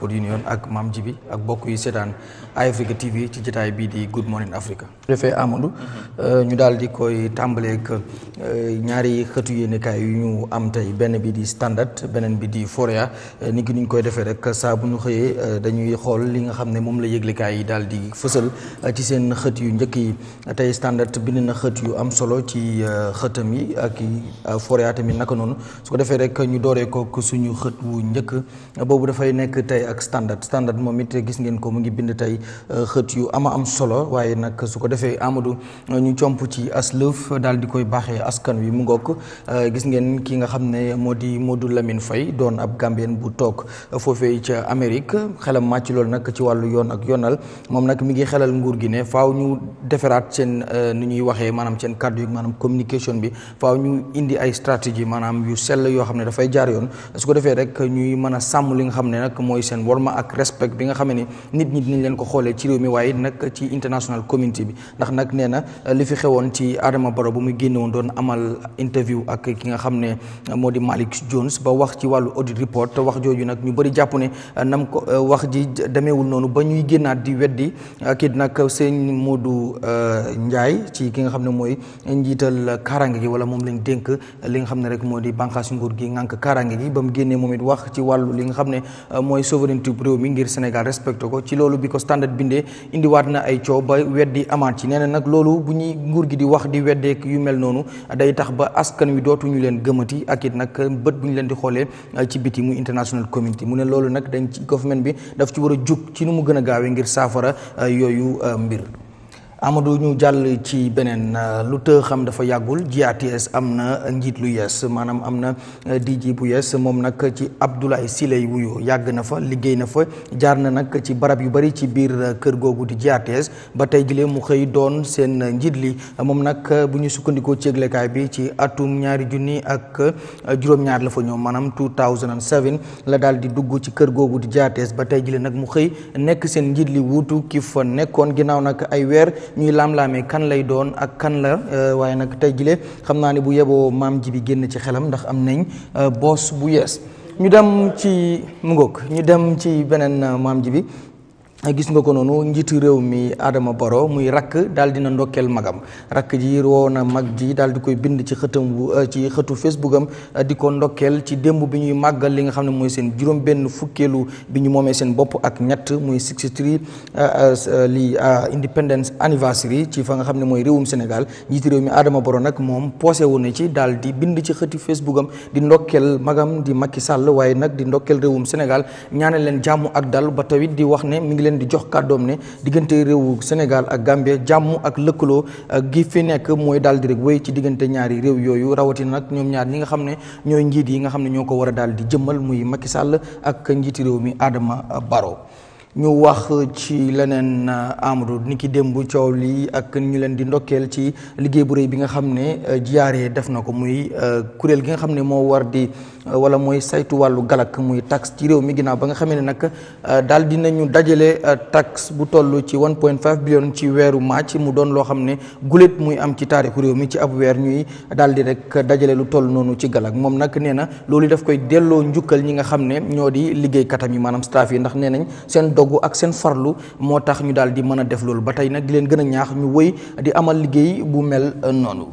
pour union ak maam Jibi ak bokk yi seetaan Eye Africa TV ci jotaay bii di Good Morning Africa. defee Amadou euh, ñu daal di koy tàmbaleeg euh, ñaari xëtu yéenekaay yu ñu am tey benn bi di standard beneen bi di Foroyaa euh, ni ki koy defee rek saa bu ñu xëyee dañuy xool li nga xam ne moom la yëglekaay yi daal di fësal ci seen xët yu njëkk yi tey standard bind na xët yu am solo ci xëtam yi ak Foroyaa tamit naka noonu su ko defee rek ñu dooree ko suñu xët wu njëkk boobu dafay nekk tey. ak standard standard moom it gis ngeen ko mu ngi bind tey euh, xët yu ama am solo waaye nag su ko defee Amadou ñu comp ci as daal di koy baaxee askan wi mu ngokk euh, gis ngeen ki nga xam ne moo di Modou Lamine Faye doon ab Gambien bu toog foofee ca Amérique xelam màcc loolu nag ci wàllu yoon ak yoonal moom nag mi ngi xelal nguur gi ne faaw ñu defaraat seen euh, ni ñuy waxee maanaam seen kàddu yi maanaam communication bi faaw ñu indi ay stratégie maanaam yu sell yoo xam ne dafay jaar yoon su ko defee rek ñuy mën sàmm li nga xam ne nag mooy seen seen warma ak respect bi nga xam ni nit ñi dinañ leen ko xoolee ci réew mi waaye nag ci international community bi ndax nag nee na eh, li fi xewoon ci Adama Barrow bu muy génnewoon doon amal interview ak ki nga xam ne eh, moo di Malick Jones ba wax ci wàllu audit report wax jooju nag ñu bëri jàpp ne eh, nam ko wax ji demeewul noonu ba ñuy génnaat di weddi kii nag sëñ Modou Ndiaye ci ki nga xam ne mooy njiital kaaraange gi wala moom lañ dénk li nga xam ne rek moo di bànqaas nguur gi ngànk kaaraange gi ba mu génnee moom it wax ci wàllu li nga xam ne mooy doxalintu réew mi ngir Sénégal respecté ko ci loolu bi ko standard bindee indiwaat na ay coow ba weddi amaat ci nee na nag loolu bu ñuy nguur gi di wax di weddeek yu mel noonu day tax ba askan wi dootuñu leen gëmati ak it nag bët bu ñu leen di xoolee ci biti muy international community mu ne loolu nag dañ ci government bi daf ci war a jug ci nu mu gën a gaawee ngir saafara yooyu mbir amadu ñu jàll ci beneen euh, lu të xam dafa yàggul GATS am na njiit lu yees maanaam am na euh, DG bu yees moom nag ci Abdoulaye Siley wuyu yàgg na fa liggéey na fa jaar na nag ci barab yu bari ci biir euh, kër googu di GATS ba tey jilee mu xëy doon seen njiit li moom nag bu ñu sukkandikoo ci yëglekaay bi ci atum ñaari junni ak juróom-ñaar la fa ñëw maanaam 2007 la daal di dugg ci kër googu di GATS ba tey jile nag mu xëy nekk seen njiit li wuutu ki fa nekkoon ginnaaw nag ay weer. ñuy laam-laamee kan lay doon ak kan la euh, waaye nag tey jile xam naa ne bu yeboo maam ji bi génn ci xelam ndax am nañ euh, boos bu yees ñu dem ci mu ñu dem ci beneen euh, maam ji bi gis nga ko noonu njiitu réew mi Adama Barrow muy rakk daal dina ndokkeel magam rakk ji woo na mag ji daal di koy bind ci xëtam euh, ci xëtu Facebook am euh, di ko ndokkeel ci démb bi ñuy màggal li nga xam ne mooy seen juróom benn bi ñu moomee seen bopp ak ñett muy 63 euh, li independence anniversary ci fa nga xam ne mooy réewum Sénégal njiitu réew mi Adama Barrow nag moom posé wu na ci daal di bind ci xëti Facebook am di ndokkeel magam di Macky sàll waaye nag di ndokkeel réewum Sénégal ñaanal jàmm ak dal ba tawit di wax ne mi ngi leen di jox kàddoom ne diggante réewu Sénégal ak Gambie jàmm ak lëkkaloo euh, gi fi nekk mooy daal di rek wéy ci diggante ñaari réew yooyu rawatin nag ñoom ñaar ñi nga xam ne ñooy njiit yi nga xam ne ñoo ko war a daal di jëmmal muy Macky sàll ak njiiti réew mi Adama Barrow ñu wax ci leneen euh, Amadou ni ki démb coow lii ak ñu leen di ndokkeel ci liggéey bu rëy bi nga xam ne jiyaaree euh, def na ko muy euh, kuréel gi nga xam ne moo war di wala mooy saytu wàllu galak muy taxe ci réew mi ginnaaw ba nga xamee ne nag daal dinañu dajale taxe bu toll ci 1.5 billion ci weeru màcc mu doon loo xam ne guléet muy am ci taarixu réew mi ci ab weer ñuy daal di rek dajale lu toll noonu ci galak moom nag nee na loolu daf koy delloo njukkal ñi nga xam ne ñoo di liggéeykatam yi maanaam staff yi ndax nee nañ dogu ak seen farlu moo tax ñu daal di mën a def loolu ba tey nag di leen gën a ñaax ñu woy di amal liggéey bu mel noonu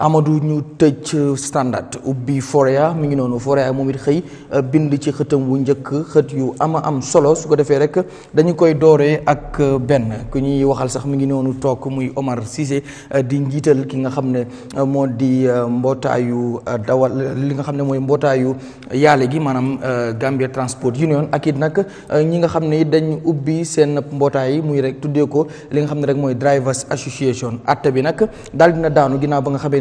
Amadou ñu tëj euh, standard ubbi Forea mu ngi noonu Forea moom it xëy euh, bind ci xëtam wu njëkk xët yu ama am solo su ko defee rek dañu koy dooree ak euh, benn ku ñuy waxal sax mu ngi noonu toog muy Omar Cissé di njiital ki nga xam ne moo di mbootaayu dawal li nga xam ne mooy mbootaayu yaale gi maanaam Gambia Transport Union ak it nag ñi nga xam ne dañ ubbi seen mbootaay muy rek tuddee ko li nga xam ne rek mooy Drivers Association atte bi nag daal dina daanu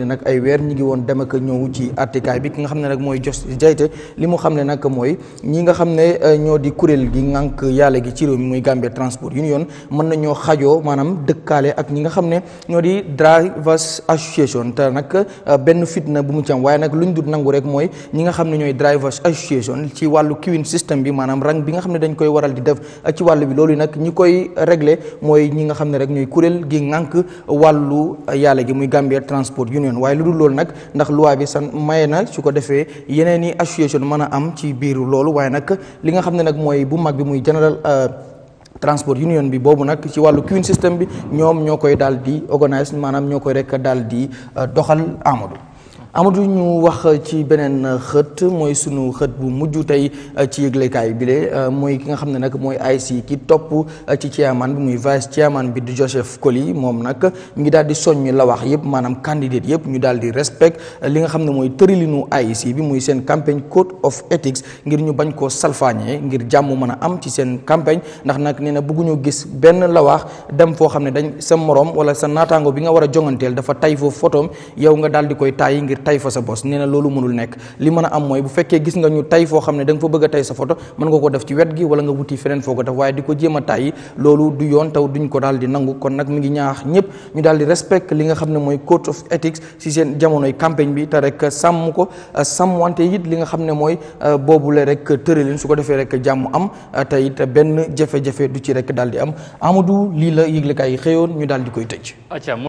nag ay weer ñi ngi woon dem ak ñëw ci attikaay bi ki nga xam ne nag mooy jos jayte li mu xam ne nag mooy ñi nga xam ne euh, ñoo di kuréel gi ngànk yàlla gi ci réew muy Gambia Transport Union mën nañoo xajoo maanaam dëkkaale ak ñi nga xam ne ñoo di drivers association te nag euh, benn na bu mu ci waaye waaye lu ñu dul nangu rek mooy ñi nga xam ne ñooy drivers association ci wàllu queuing system bi maanaam rang bi nga xam ne dañ koy waral di def ci wàllu bi loolu nag ñi koy régler mooy ñi nga xam ne rek ñooy kuréel gi ngànk wàllu yàlla gi muy Gambia Transport Union waaye lu dul loolu nag ndax loi bi san maye na su ko defee yeneen i association mën a am ci biiru loolu waaye nag li nga xam ne nag mooy bu mag bi muy general euh, transport union bi boobu nag ci wàllu queuing system bi ñoom ñoo koy daal di organise maanaam ñoo koy rek daal di euh, doxal Amadou. Amadou ñu wax ci beneen xët mooy sunu xët bu mujj tey ci yëglekaay bi de mooy ki nga xam ne nag mooy AIC ki topp ci chairman bi muy vice chairman bi di Joseph Koli moom nag mi ngi daal di soññ la wax yëpp maanaam candidate yëpp ñu daal di respect li nga xam ne mooy tëralinu AIC bi muy seen campagne code of ethics ngir ñu bañ koo salfaañee ngir jàmm mën a am ci seen campagne ndax nag nee na bëgguñu gis benn la wax dem foo xam ne dañ sa morom wala sa naataango bi nga war a jonganteel dafa tay foofu photom yow nga daal di koy tàyyi tay fa sa boss nee na loolu mënul nekk li mën am mooy bu fekkee gis nga ñu tay foo xam ne da nga fa bëgg a tay sa photo mën nga ko def ci wet gi wala nga wuti feneen foo def di ko tay loolu du yoon taw duñ ko di nangu kon mi ngi ñaax ñu di respect li nga xam ne code of ethics si seen jamonoy campagne bi te rek sàmm ko sàmm wante it li nga xam ne mooy euh, boobule rek su ko rek am euh, te it ben jafe-jafe du ci rek daal di am amadou du la yëglekaay yi xëyoon ñu daal di koy tëj